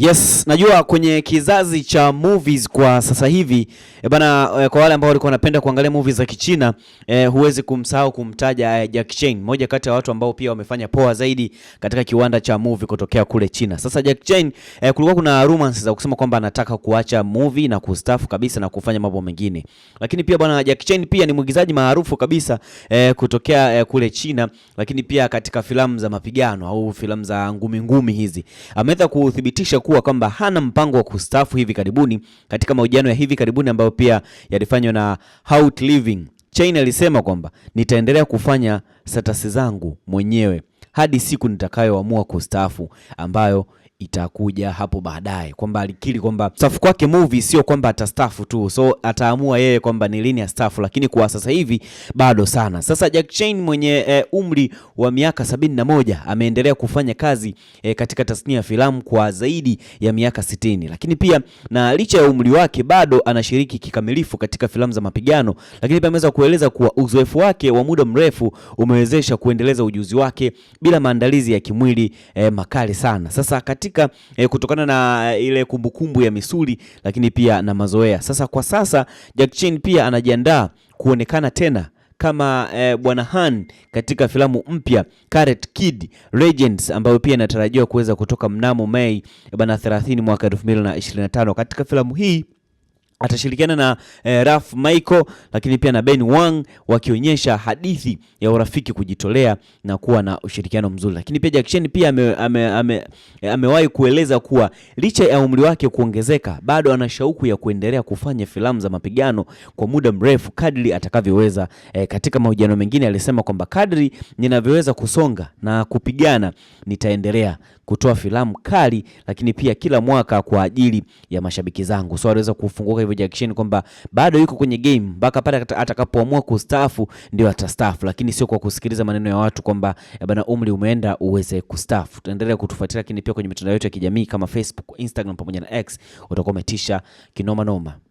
Yes, najua kwenye kizazi cha movies kwa sasa hivi e bana e, kwa wale ambao walikuwa wanapenda kuangalia movies za Kichina e, huwezi kumsahau kumtaja e, Jack Chan, mmoja kati ya watu ambao pia wamefanya poa zaidi katika kiwanda cha movie kutokea kule China. Sasa Jack Chan e, kulikuwa kuna rumors za kusema kwamba anataka kuacha movie na kustaafu kabisa na kufanya mambo mengine. Lakini pia bwana Jack Chan pia ni mwigizaji maarufu kabisa e, kutokea e, kule China, lakini pia katika filamu za mapigano au filamu za ngumi ngumi hizi. Ameweza kudhibitisha kuwa kwamba hana mpango wa kustaafu hivi karibuni, katika mahojiano ya hivi karibuni ambayo pia yalifanywa na Haut Living, Chain alisema kwamba nitaendelea kufanya satasi zangu mwenyewe hadi siku nitakayoamua kustaafu ambayo itakuja hapo baadaye, kwamba alikiri kwamba stafu kwake movie sio kwamba atastafu tu, so ataamua yeye kwamba ni lini astafu, lakini kwa sasa hivi bado sana. Sasa Jack Chain mwenye e, umri wa miaka sabini na moja ameendelea kufanya kazi e, katika tasnia ya filamu kwa zaidi ya miaka sitini, lakini pia na licha ya umri wake bado anashiriki kikamilifu katika filamu za mapigano, lakini pia ameweza kueleza kuwa uzoefu wake wa muda mrefu umewezesha kuendeleza ujuzi wake bila maandalizi ya kimwili e, makali sana. Sasa katika katika eh, kutokana na eh, ile kumbukumbu ya misuli, lakini pia na mazoea. Sasa kwa sasa Jack Chan pia anajiandaa kuonekana tena kama eh, Bwana Han katika filamu mpya Karate Kid Legends ambayo pia inatarajiwa kuweza kutoka mnamo Mei bana 30 mwaka 2025. Katika filamu hii atashirikiana na eh, Raf Michael lakini pia na Ben Wang wakionyesha hadithi ya urafiki, kujitolea na kuwa na ushirikiano mzuri. Lakini pia Jack pia amewahi ame, ame, ame kueleza kuwa licha ya umri wake kuongezeka bado ana shauku ya kuendelea kufanya filamu za mapigano kwa muda mrefu kadri atakavyoweza. Eh, katika mahojiano mengine alisema kwamba kadri ninavyoweza kusonga na kupigana nitaendelea kutoa filamu kali, lakini pia kila mwaka kwa ajili ya mashabiki zangu. So aliweza kufunguka Level kwamba bado yuko kwenye game mpaka pale atakapoamua kustaafu ndio atastaafu, lakini sio kwa kusikiliza maneno ya watu kwamba eh, bana, umri umeenda uweze kustaafu. Tuendelea kutufuatilia, lakini pia kwenye mitandao yetu ya kijamii kama Facebook, Instagram pamoja na X, utakuwa umetisha kinoma noma.